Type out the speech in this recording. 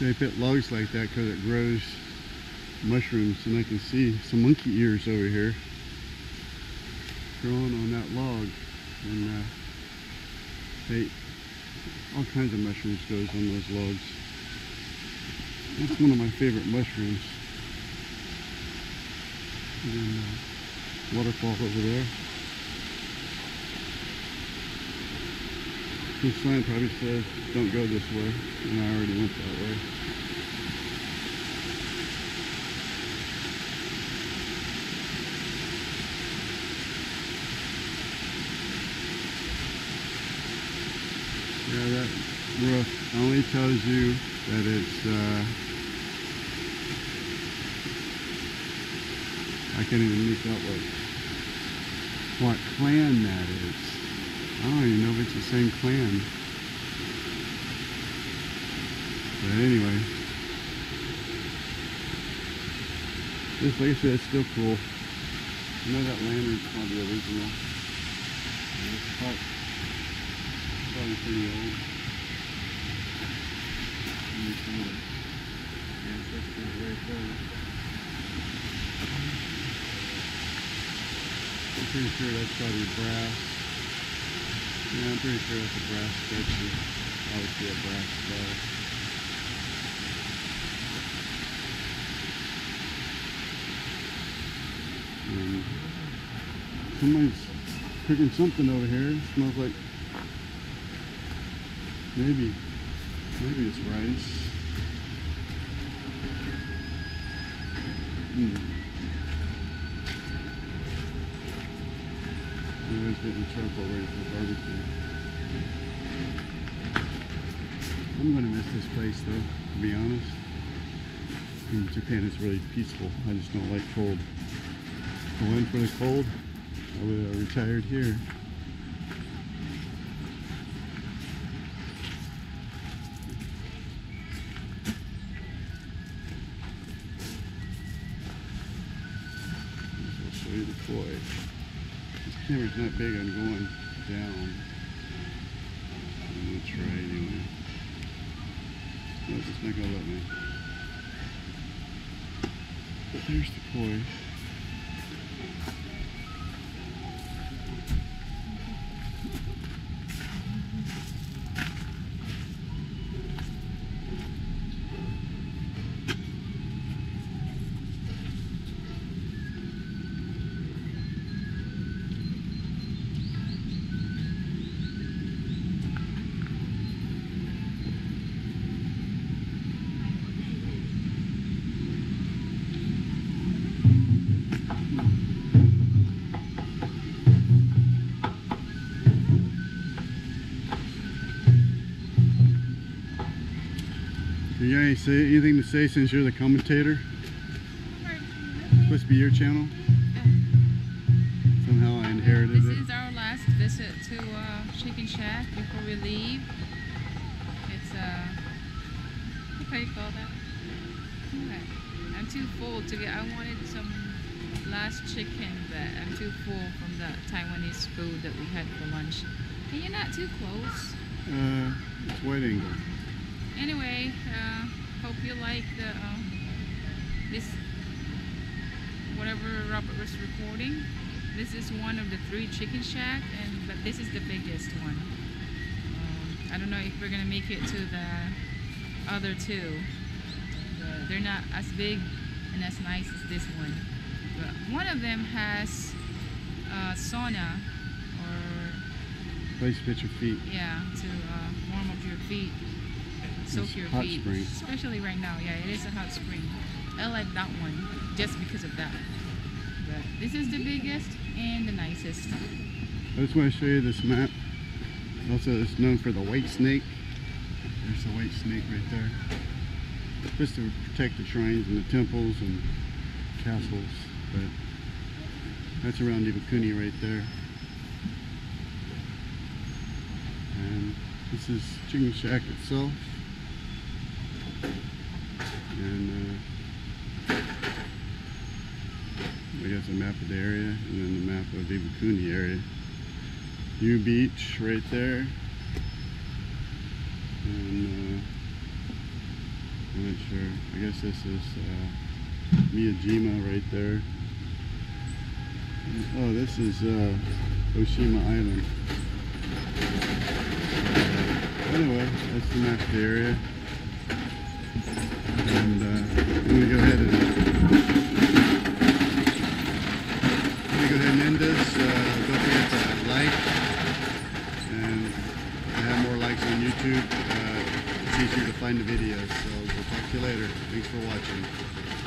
They put logs like that because it grows mushrooms and I can see some monkey ears over here growing on that log and uh, they all kinds of mushrooms goes on those logs it's one of my favorite mushrooms and, uh, waterfall over there This sign probably says, don't go this way, and I already went that way. Yeah, that roof only tells you that it's, uh, I can't even make out what, what clan that is. I don't even know if it's the same clan. But anyway. This said, is still cool. I know that lantern's probably original. It's probably, probably pretty old. Ancestors right there. I'm pretty sure that's probably brass. Yeah, I'm pretty sure it's a brass spreadsheet. Obviously a brass skull. Um, somebody's cooking something over here. It smells like maybe maybe it's rice. Hmm. was getting charcoal ready for barbecue. I'm gonna miss this place though, to be honest. Japan is really peaceful. I just don't like cold. If I went for the cold, I would have retired here. I'll show you the koi camera's not big on going down. I'm gonna try anyway. Nope, it's not gonna let me. But there's the koi. You got any say, anything to say since you're the commentator? Supposed to be your channel. Somehow I inherited this it. This is our last visit to uh, Chicken Shack before we leave. It's uh, okay. call that? I'm too full to get. I wanted some last chicken, but I'm too full from the Taiwanese food that we had for lunch. Are you not too close. Uh, it's wide angle anyway uh, hope you like the uh, this whatever Robert was recording this is one of the three chicken shack and but this is the biggest one uh, I don't know if we're gonna make it to the other two but they're not as big and as nice as this one but one of them has a uh, sauna or place to your feet yeah to uh, warm up your feet soak your hot feet, spring. especially right now. Yeah, it is a hot spring. I like that one just because of that. But this is the biggest and the nicest. I just want to show you this map. Also, it's known for the white snake. There's the white snake right there. Just to protect the shrines and the temples and castles. But that's around Ibukuni right there. And this is Chicken Shack itself. And uh, we got the map of the area and then the map of the Bikuni area. U Beach right there. And uh, I'm not sure. I guess this is uh, Miyajima right there. Oh, this is uh, Oshima Island. Anyway, that's the map of the area. YouTube, uh, it's easier to find the videos. So we'll talk to you later. Thanks for watching.